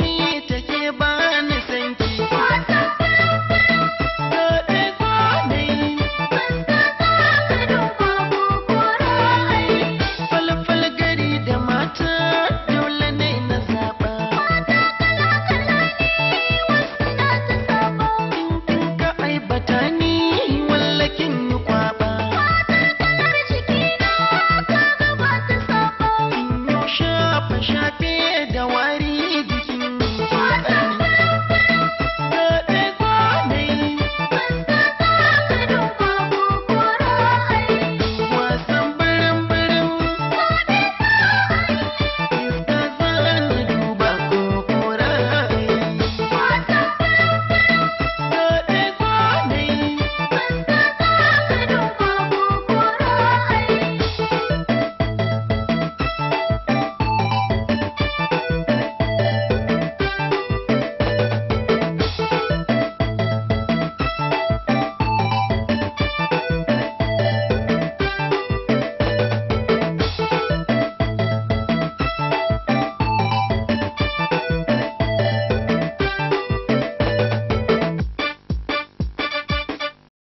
Revolution.